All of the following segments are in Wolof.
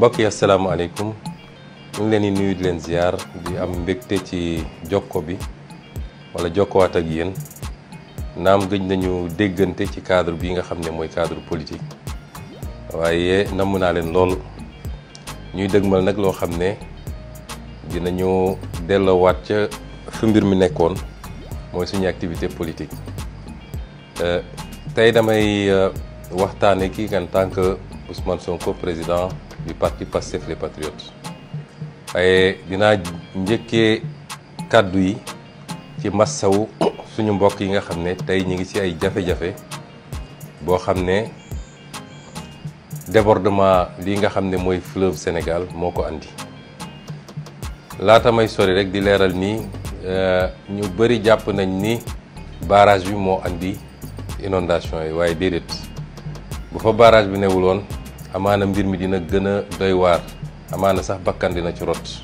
mbokk yi asalaamaaleykum ñu ngi leen di nuyu leen ziar di am mbégte ci jokko bi wala jokkowaat ak yéen naam gëj nañu déggante ci cadre bi nga xam ne mooy cadre politique waaye namm naa leen lool ñuy dëgmal nag loo xam ne dinañu delloowaat ca fi mbir mi nekkoon mooy suñu activité politique euh, tey damay euh, waxtaane kii en tant que Ousmane Sonko président du parti Pastef les Patriotes waaye dinaa njëkkee kàddu yi ci massawu suñu mbokk yi nga xam ne tey ñu ngi ci ay jafe-jafe boo xam ne débordement lii nga xam ne mooy fleuve Sénégal moo ko andi laata may sori rek di leeral nii euh, ñu bëri jàpp nañ ni barage bi moo indi inondation yi waaye déedéet bu fa barrage bi newuloon amaana mbir mi dina gën a doy waar amaana sax bakkan dina ci rot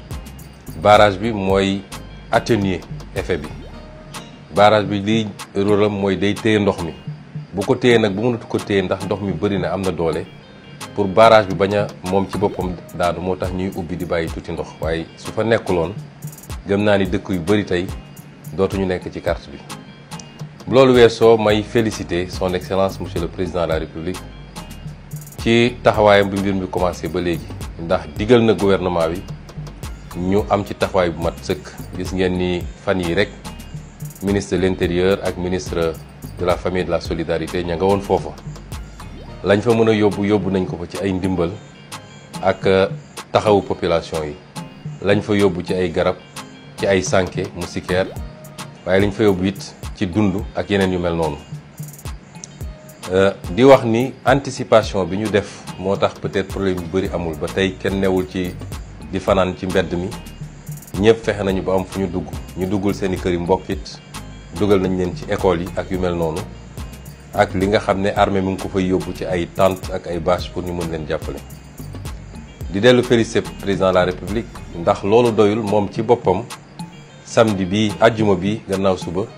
barage bi mooy atténuer effet bi barrage bi liy rôlam mooy day téye ndox mi bu ko téyee nag bu mënatu ko téye ndax ndox mi bëri na am na doole pour barage bi bañ a moom ci boppam daanu moo tax ñuy ubbi di bàyyi tuuti ndox waaye su fa nekkuloon gëm naa ni dëkk yu bëri tey dootuñu nekk ci carte bi loolu soo may féliciter son excellence monsieur le président la république ci taxawaayam bi mbir mi commencé ba léegi ndax digal na gouvernement bi ñu am ci taxawaay bu mat sëkk gis ngeen ni fan yi rek ministre de l'intérieur ak ministre de la famille de la solidarité ña nga woon foofa lañ fa mën a yóbbu yóbbu nañ ko fa ci ay ndimbal ak euh, taxawu population yi lañ fa yóbbu ci ay garab ci ay sànke moustiquaire waaye lañ fa yóbbu it ci dund ak yeneen yu mel noonu Euh, di wax ni anticipation bi ñu def moo tax peut-être problème yu bëri amul ba tey kenn newul ci di fanaan ci mbedd mi ñëpp fexe nañu ba am fu ñu dugg ñu duggul seen i kër yi mbokk dugal nañ leen ci école yi ak yu mel noonu ak li nga xam ne armée mi ngi ko fay yóbbu ci ay tentes ak ay bâche pour ñu mën leen jàppale. di dellu félicité président la république ndax loolu doyul moom ci boppam samdi bi àjjuma bi gannaaw suba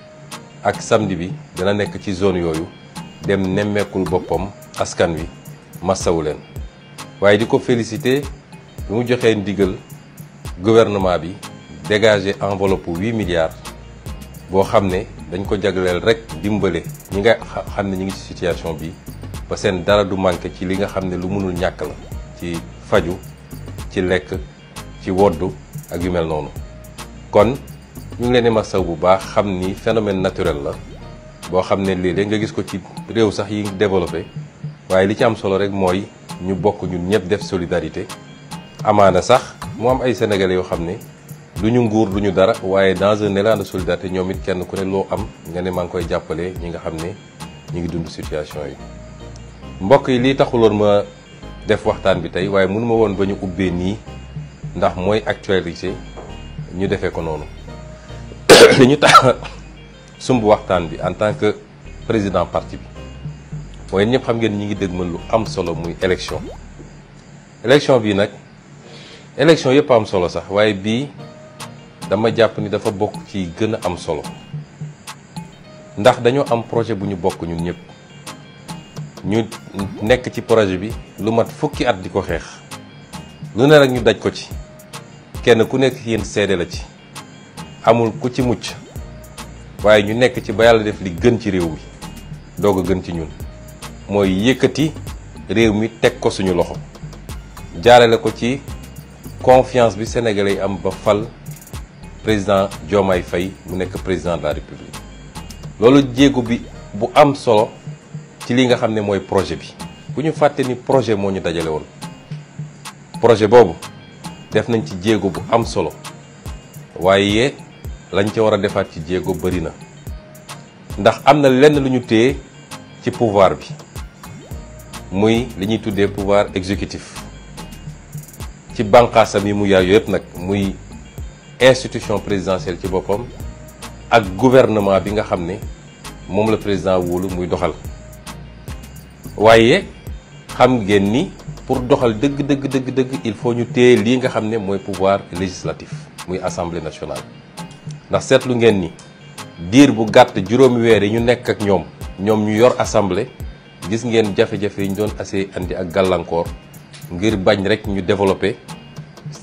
ak samdi bi dana nekk ci zone yooyu. dem nemmeekul boppam askan wi massawu leen waaye di ko félicité bi mu joxee ndigal gouvernement bi dégager enveloppe huit milliards boo xam ne dañ ko jagleel rek dimbale ñi nga xam ne ñi ngi ci situation bi ba seen dara du manqué ci li nga xam ne lu mënul ñàkk la ci faju ci lekk ci woddu ak yu mel noonu kon ñu ngi leen di masaw bu baax xam ni phénomène naturel la boo xam ne léeg-léeg nga gis ko ci réew sax yi développé waaye li ci am solo rek mooy ñu bokk ñu ñëpp def solidarité amaana sax mu am ay sénégalais yoo xam ne du ñu nguur du ñu dara waaye dans un élan de solidarité ñoom it kenn ku ne loo am nga ne maa ngi koy jàppale ñi nga xam ne ñu ngi dund situation yi. mbokk yi lii taxuloon ma def waxtaan bi tey waaye mënu ma woon ba ñu ubbee nii ndax mooy actualité ñu defee ko noonu sumb waxtaan bi en tant que président parti bi mooy ñëpp xam ngeen ñi ngi mën lu am solo muy élection élection bii nag élection yëpp am solo sax waaye bii dama jàpp ni dafa bokk ci gën a am solo ndax dañoo am projet bu ñu bokk ñun ñëpp ñu nekk ci projet bi lu mat fukki at di ko xeex lu ne rek ñu daj ko ci kenn ku nekk yéen seede la ci amul ku ci mucc waaye ñu nekk ci ba yàlla def li gën ci réew mi doog a gën ci ñun mooy yëkkati réew mi teg ko suñu loxo jaarale ko ci confiance bi sénégalais yi am ba fal président Diomaye Faye mu nekk président de la république loolu jéego bi bu am solo ci li nga xam ne mooy projet bi ku ñu fàtte ni projet moo ñu dajale woon projet boobu def nañ ci jéego bu am solo waaye lañ ca war a defaat ci jéego bëri na ndax am na lenn lu ñu téye ci pouvoir bi muy li ñuy tuddee pouvoir exécutif ci bànqaasam yi mu yaayu yëpp nag muy institution présidentielle ci boppam ak gouvernement bi nga xam ne moom la président wóolu muy doxal waaye xam ngeen ni pour doxal dëgg dëgg dëgg dëgg il faut ñu téye lii nga xam ne mooy pouvoir législatif muy assemblée nationale ndax seetlu ngeen ni diir bu gàtt juróomi weer yi ñu nekk ak ñoom ñoom ñu yor assemblée gis ngeen jafe-jafe yi ñu doon assez andi ak gàllankoor ngir bañ rek ñu développé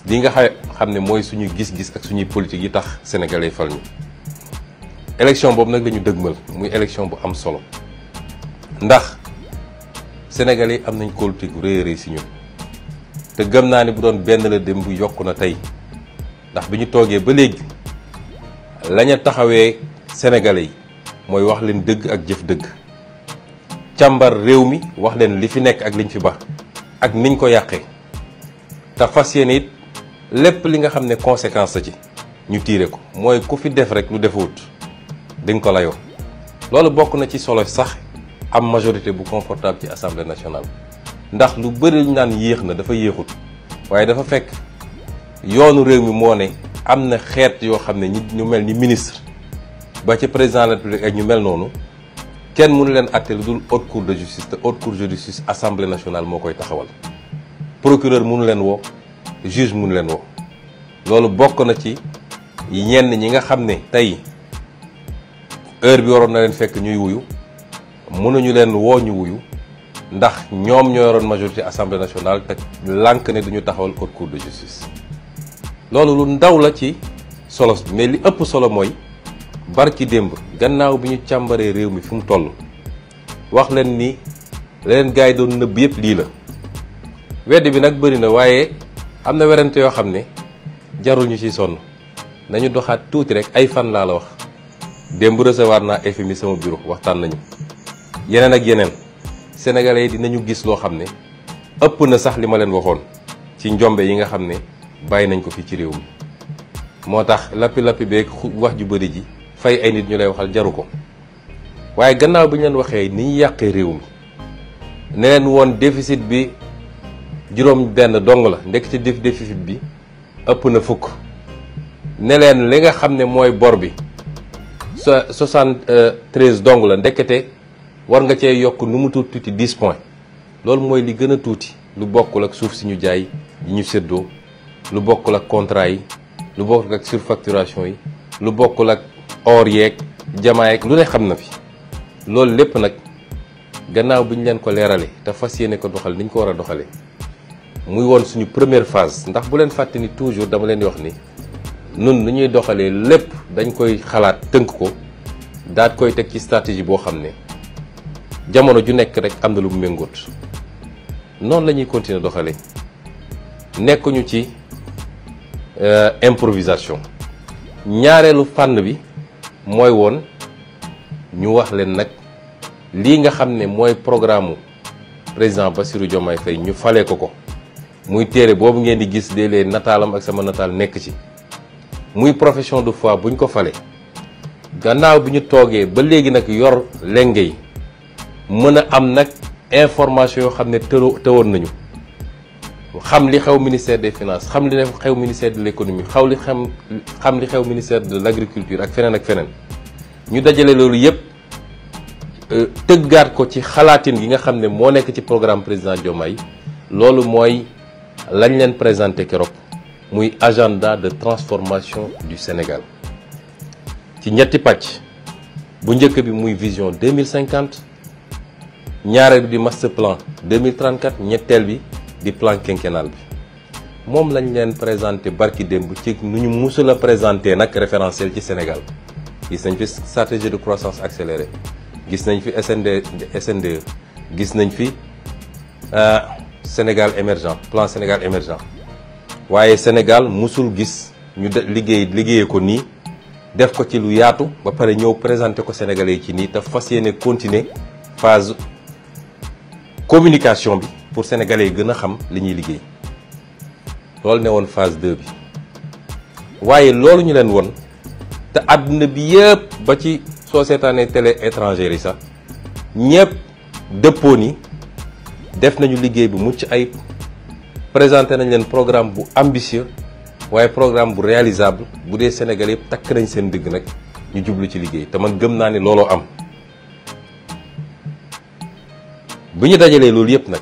li nga xam ne mooy suñu gis-gis ak suñuy politique yi tax sénégalais fal ñu. élection boobu nag la ñu dëgmal muy élection bu am solo ndax sénégalais am nañ politique bu rëy a si ñun te gëm naa ne bu doon benn la dem bu yokku na tey ndax bi ñu toogee ba léegi. lañu taxawee sénégalais yi mooy wax leen dëgg ak jëf dëgg càmbar réew mi wax leen li fi nekk ak liñ fi ba ak niñ ko yàqee te fas yéene it lépp li nga xam ne conséquence la ci ñu tiire ko mooy ku fi def rek lu defewut di nga ko layoo loolu bokk na ci solo sax am majorité bu confortable ci assemblée nationale ndax lu bëri ñu naan yéex na dafa yéexut waaye dafa fekk yoonu réew mi moo ne am na xeet yoo xam ne ñi ñu mel ni ministre ba ci président de la République ak ñu mel noonu kenn mënu leen àtte lu dul haute cour de justice te haute cour de justice assemblée nationale moo koy taxawal procureur mënu leen woo juge mënu leen woo loolu bokk na ci yenn ñi nga xam ne tey heure bi waroon na leen fekk ñuy wuyu mënuñu leen woo ñu wuyu ndax ñoom ñoo yoroon majorité assemblée nationale te lànk ne dañu taxawal haute cour de justice loolu lu ndaw la ci solo bi li ëpp solo mooy bar ci démb gannaaw bi ñu càmbaree réew mi fu mu toll wax leen ni leneen gars yi doon nëbb yëpp lii la wedd bi nag bëri na waaye am na werante yoo xam ne jarul ñu ci sonn nañu doxaat tuuti rek ay fan laa la wax démb recevoir naa FMI sama bureau waxtaan nañu yeneen ak yeneen sénégalais yi dinañu gis loo xam ne ëpp na sax li ma leen waxoon ci njombe yi nga xam ne bàyyi nañ ko fii ci réew mi moo tax lappi lappi beeg wax ju bëri ji fay ay nit ñu lay waxal jaru ko waaye gannaaw bi ñu leen waxee ni ñu yàqee réew mi ne leen woon déficit bi juróom benn dong la ndekk ci déficit bi ëpp na fukk ne li nga xam ne mooy bor bi sa treize dong la ndekete war nga cee yokk nu mu tuuti tuuti loolu mooy li gën a tuuti lu bokkul ak suuf si ñu jaay yi ñu séddoo lu bokkul ak contrat yi lu bokkul ak surfacturation yi lu bokkul ak or yeeg lu ne xam na fi loolu lépp nag gannaaw bi ñu leen ko leeralee te fas yéene ko doxal ni ko war a doxalee muy woon suñu première phase ndax bu leen fàtte ni toujours dama leen wax ni nun nu ñuy doxalee lépp dañ koy xalaat tënk ko daat koy teg ci stratégie boo xam ne jamono ju nekk rek am na lu mu méngóot noonu la ñuy continuer doxale nekkuñu ci. Euh, improvisation ñaareelu fànn bi mooy woon ñu wax leen nag lii nga xam ne mooy programme mu président Bassirou Diomaye Faye ñu fale ko ko muy téere boobu ngeen di gis léeg-léeg nataalam ak sama nataal nekk ci muy profession de foi buñ ko fale gannaaw bi ñu toogee ba léegi nag yor lenge yi mën a am nag information yoo xam ne tëwoon nañu xam li xew ministère des finances xam li xew ministère de l'économie xaw li xam xam li xew ministère de l'agriculture ak feneen ak feneen ñu dajale loolu yépp euh, tëggaat ko ci xalaatin gi nga xam ne moo nekk ci programme président Diomaye loolu mooy lañ leen présenté keroog muy agenda de transformation du Sénégal ci ñetti pàcc bu njëkk bi muy vision 2050 ñaareel bi di master plan 2034 ñetteel bi di plan quinquennal bi moom lañ leen présenté barki démb ci nu ñu musul a présenté nag référentiel ci Sénégal gis nañ fi stratégie de croissance accélérée gis nañ fi SND SNDE gis nañ fi euh, Sénégal émergent plan Sénégal émergent waaye Sénégal musul gis ñu de liggéey liggéeyee ko nii def ko ci lu yaatu ba pare ñëw présenté ko Sénégalais yi ci nii te fas yéene continuer phase communication bi pour sénégalais yi gën a xam li ñuy liggéey loolu ne woon phase 2 bi waaye loolu ñu leen won te àdduna bi yëpp ba ci soo seetaanee télé étrangère yi sax ñëpp dëppoo ni def nañu liggéey bu mucc ayib présenté nañ leen programme bu ambitieux waaye programme bu réalisable bu dee Sénégal yëpp takk nañ seen digg nag ñu jublu ci liggéey te man gëm naa ni looloo am bu ñu dajalee loolu yëpp nag.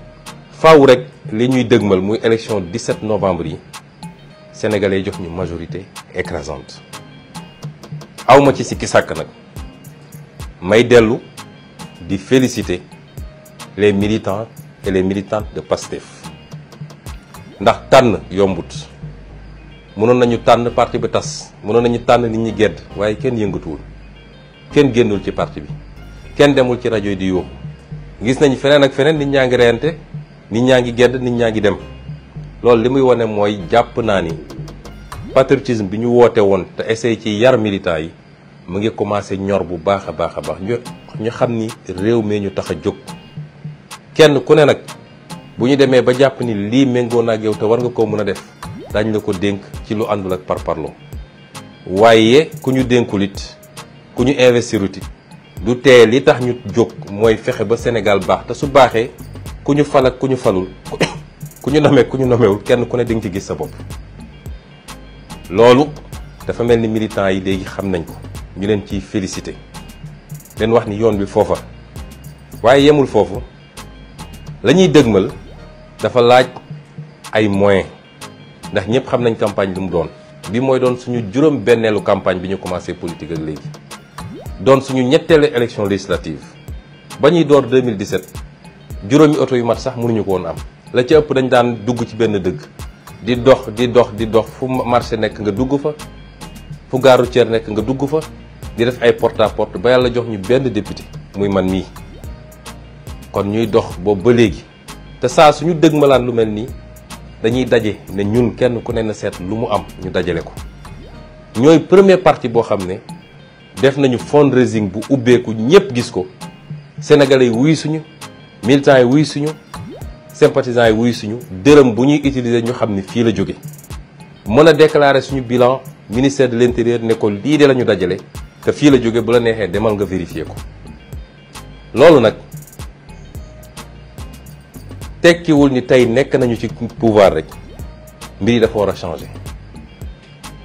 faaw rek li ñuy dëgmal muy élection 17 novembre yi sénégalais jox ñu majorité écrasante awma ci sikki sàkk nag may dellu di félicité les militants et les militantes de PASTEF ndax tànn yombut mënoon nañu tànn parti bi tas mënoon nañu tànn nit ñi gedd waaye kenn yëngatuwul kenn génnul ci parti bi kenn demul ci rajo yi di yóoxu gis nañ feneen ak feneen nit ñaa ngi reyante nit ñaa ngi gedd nit ñaa ngi dem loolu li muy wane mooy jàpp naa ni patriotisme bi ñu woote woon te essayé ci yar militant yi mu ngi commencé ñor bu baax a baax a baax ñu ñu xam ni réew mi ñu tax a jóg kenn ku ne nag bu ñu demee ba jàpp ni lii méngoo na ak yow te war nga koo mën a def daañu la ko dénk ci lu àndul ak parparloo waaye ku ñu dénkul it ku ñu investirut it du tee li tax ñu jóg mooy fexe ba Sénégal baax te su baaxee ku ñu fal ak ku ñu falul ku ñu nomee ku ñu nomewul kenn ku ne di nga ci gis sa bopp loolu dafa mel ni militants yi léegi xam nañ ko ñu leen ciy félicité leen wax ni yoon bi foofa waaye yemul foofu lañuy ñuy dëgmal dafa laaj ay moyens ndax ñëpp xam nañ campagne lu mu doon bi mooy doon suñu juróom benneelu campagne bi ñu commencé politique ak léegi doon suñu ñetteelu élection législative ba ñuy door 2017 juróomi oto yu mat sax mënuñu ko woon am la ci ëpp dañ daan dugg ci benn dëgg di dox di dox di dox fu marché nekk nga dugg fa fu gaaru routière nekk nga dugg fa di def ay porte à porte ba yàlla jox ñu benn député muy man mii kon ñuy dox boobu ba léegi te saa suñu dëgg malaan lu mel nii dañuy daje ne ñun kenn ku ne na seet lu mu am ñu dajale ko ñooy premier parti boo xam ne def nañu fundraising bu ubbeeku ñëpp gis ko sénégalais yi wuy suñu militants yi wuy suñu sympathisants yi wuy suñu dërëm bu ñuy utiliser ñu xam ni fii la jóge mën a déclarer suñu bilan ministère de l'intérieur ne ko lii de la ñu dajale te fii la jóge bu la neexee demal nga vérifier ko loolu nag tekkiwul ni tey nekk nañu ci pouvoir rek mbir yi dafa war a changé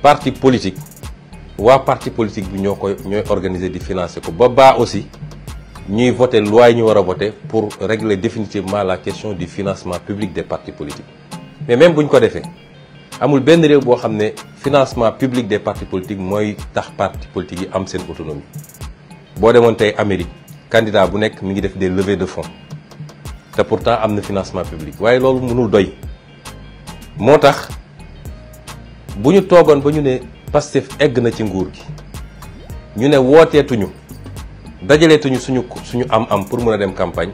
parti politique waa parti politique bi ñoo koy ñooy organiser di financer ko ba baa aussi ñuy voter loi yi ñu war a voter pour régler définitivement la question du financement public des partis politiques mais même bu ñu ko defee amul benn réew boo xam ne financement public des partis politiques mooy tax partis politiques yi am seen autonomie boo demoon tey Amérique candidat bu nekk mi ngi def des levées de fonds te pourtant am na financement public waaye loolu mënul doy moo tax bu ñu toogoon ba ñu ne Pastef egg na ci nguur gi ñu ne wooteetuñu dajalee dajaleetuñu suñu suñu am-am pour mën a dem campagne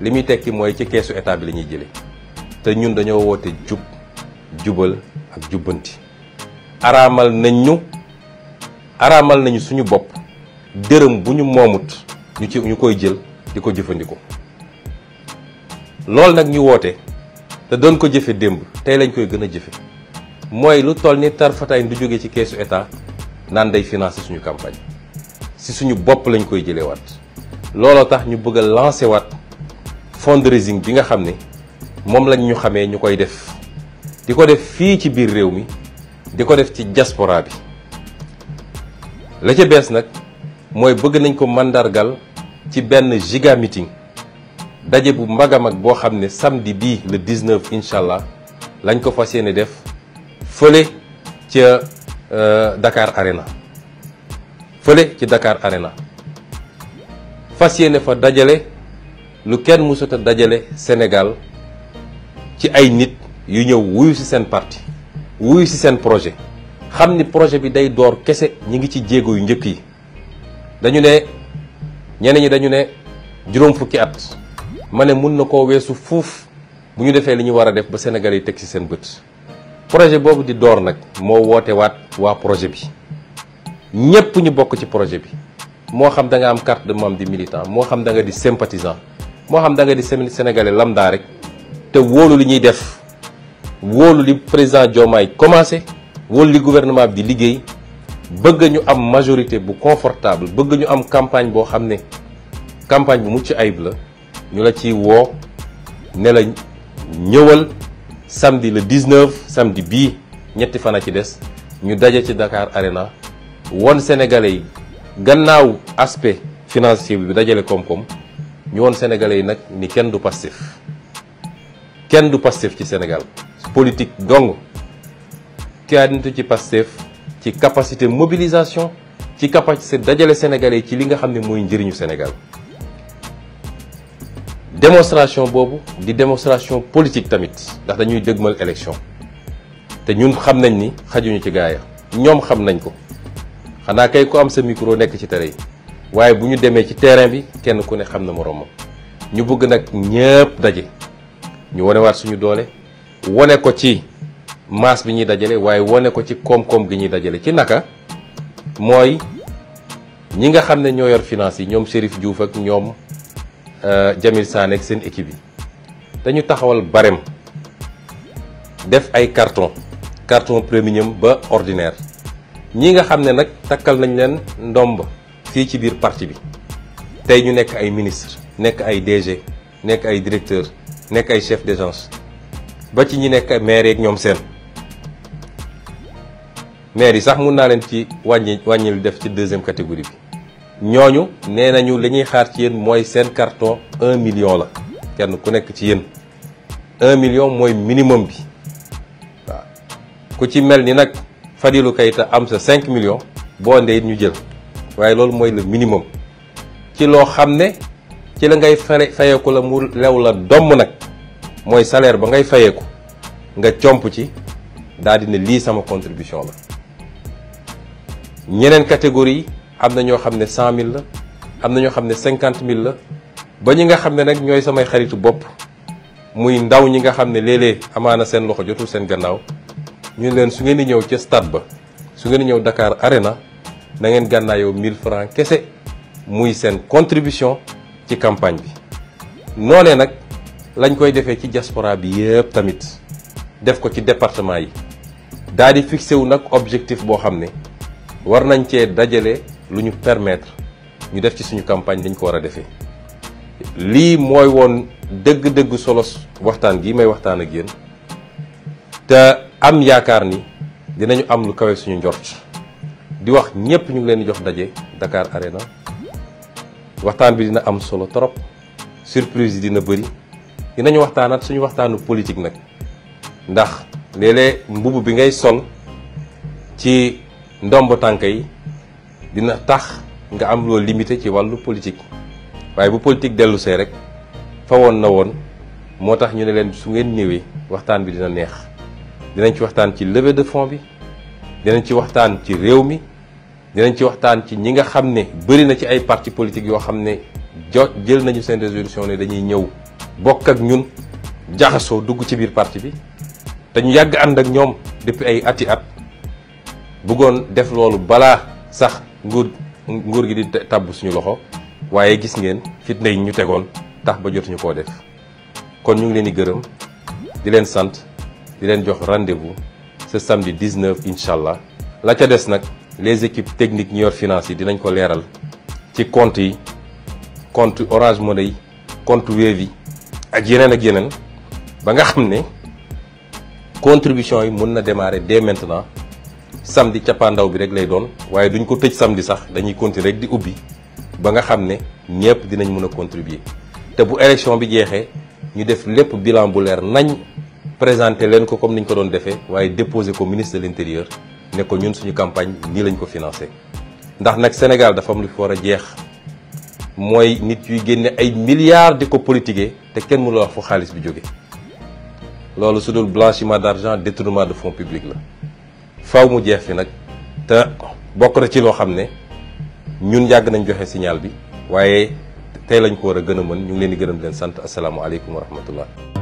li muy tekki mooy ci keesu état bi la ñuy jëlee te ñun dañoo woote jub jubal ak jubbanti. araamal nañ ñu araamal nañu suñu bopp dërëm bu ñu moomut ñu ci ñu koy jël di ko jëfandikoo loolu nag ñu woote te doon ko jëfe démb tey lañ koy gën a jëfe mooy lu toll ni tarfataay du jóge ci keesu état naan day financer suñu campagne. si suñu bopp lañ koy jëlee waat looloo tax ñu bëgg a lancer waat fundraising bi nga xam ne moom lañ ñu xamee ñu koy def di ko def fii ci biir réew mi di ko def ci jasporaa bi la ca bees nag mooy bëgg nañ ko màndargal ci benn giga meeting daje bu mag a mag boo xam ne samdi bi le 19 incha allah lañ ko fas yéene def fële ca euh, Dakar Arena. fële ci Dakar Arena fas yéene fa dajale lu kenn mësut dajale Sénégal ci ay nit yu ñëw wuyu ci seen parti wuyu ci seen projet xam ni projet bi day door kese ñi ngi ci jéego yu njëkk yi dañu ne ñeneen ñi dañu ne juróom fukki at ma ne mun na koo weesu fuuf bu ñu defee li ñu war a def ba Sénégal yi teg ci seen bët projet boobu di door nag moo woote waat waa projet bi ñëpp ñu bokk ci projet bi moo xam danga am carte de membre di militant moo xam da nga di sympathisant moo xam da nga di sénégalais lambda rek te wóolu li ñuy def wóolu li président Diomaye commencé wóolu li gouvernement bi di liggéey bëgg ñu am majorité bu confortable bëgg ñu am campagne boo xam ne campagne bu mucc ayib la ñu la ci woo ne la ñëwal samedi le 19 samedi bii ñetti fan a ci des ñu daje ci Dakar Arena woon sénégalais yi gannaaw aspect financier bi dajale koom-koom ñu won sénégalais yi nag ni kenn du Pastef kenn du Pastef ci Sénégal politique dong kaanitu ci Pastef ci capacité mobilisation ci capacité dajale sénégalais yi ci li nga xam ne mooy njëriñu Sénégal démonstration boobu di démonstration politique tamit ndax dañuy dëgmal élection te ñun xam nañ ni xajuñu ci gaaya ñoom xam nañ ko xanaa kay ku am sa micro nekk ci tere yi waaye bu ñu demee ci terrain bi kenn ku ne xam na moroomam ñu bëgg nag ñëpp daje ñu wanewaat suñu doole wane ko ci masse bi ñuy dajale waaye wane ko ci koom-koom gi ñuy dajale ci naka mooy ñi nga xam ne ñoo yor finance yi ñoom Chérif Diouf ak ñoom euh, Jamil Sané ak seen équipe yi dañu taxawal barème def ay carton carton premium ba ordinaire ñi nga xam ne nag takkal nañ leen ndomb fii ci biir parti bi tey ñu nekk ay ministre nekk ay DG nekk ay directeur nekk ay chef d'agence ba ci ñi nekk maire yeeg ñoom seen maire yi sax mun naa leen ci wàññi wàññi def ci deuxième catégorie bi ñooñu nee nañu li ñuy xaar ci yéen mooy seen carton un million la kenn ku nekk ci yéen un million mooy minimum bi ku ci mel ni nag Fadilou kayit am sa 5 millions boo ndee ñu jël waaye loolu mooy le minimum ci loo xam ne ci la ngay fay fayeeku la mu lew la domm nag mooy salaire ba ngay fayeeku nga comp ci daal di ne lii sama contribution la ñeneen catégorie am na ñoo xam ne 100000 mille am na ñoo xam ne 50000 la ba ñi nga xam ne nag ñooy samay xaritu bopp muy ndaw ñi nga xam ne léeg-léeg amaana seen loxo jotul seen gannaaw. ñu leen su ngeen di ñëw ca stat ba su ngeen ñëw dakaar Arena na ngeen gànnaayoo mille francs kese muy seen contribution ci campagne bi. noonee nag lañ koy defee ci diaspora bi yëpp tamit def ko ci département yi daal di fixé wu nag objectif boo xam ne war nañ cee dajale lu ñu permettre ñu def ci suñu campagne dañ ko war a defee. lii mooy woon dëgg-dëgg solos waxtaan gi may waxtaan ak yéen. te am yaakaar ni dinañu am lu kawe suñu njort di wax ñëpp ñu ngi leen di jox daje Dakar Arena waxtaan bi dina am solo trop surprise yi dina bëri dinañu waxtaanaat suñu waxtaanu politique nag ndax léeg mbubb bi ngay sol ci ndomb tànk yi dina tax nga am loo limité ci wàllu politique waaye bu politique dellu see rek fawoon na woon moo tax ñu ne leen su ngeen ñëwee waxtaan bi dina neex dinañ ci waxtaan ci leve de fonds bi dinañ ci waxtaan ci réew mi dinañ ci waxtaan ci ñi nga xam ne bëri na ci ay parti politique yoo xam ne jo jël nañu seen résolution ne dañuy ñëw bokk ak ñun jaxasoo dugg ci biir parti bi dañu yàgg ànd ak ñoom depuis ay ati at bëggoon def loolu balaa sax nguur nguur gi di tàbb suñu loxo waaye gis ngeen fitna yi ñu tegoon tax ba jotuñu koo def kon ñu ngi leen di gërëm di leen sant di leen jox rendez-vous ce samedi 19 incha allah la ca des nag les équipes techniques ñu yor finance yi dinañ ko leeral ci compte yi compte Orange Money yi compte Wave ak yeneen ak yeneen ba nga xam ne contribution yi mun na démarrer dès maintenant ca cappaandaw bi rek lay doon waaye duñ ko tëj samedi sax dañuy continuer rek di ubbi ba nga xam ne ñëpp dinañ mun a contribuer te bu élection bi jeexee ñu def lépp bilan bu leer nañ présenté leen ko comme ni ñu ko doon defee waaye déposé ko ministre de l'intérieur ne ko ñun suñu campagne nii lañ ko financé ndax nag Sénégal dafa am lu fi war a jeex mooy nit yuy génne ay milliards di ko politiquer te kenn mënul wax fu xaalis bi jóge loolu su dul blanchiment d'argent détournement de fonds publics la faw mu jeex fi nag te bokk na ci loo xam ne ñun yàgg nañ joxe signal bi waaye tey lañ ko war a gën a mën ñu ngi leen di gërëm leen sant asalaamaaleykum wa rahmatullah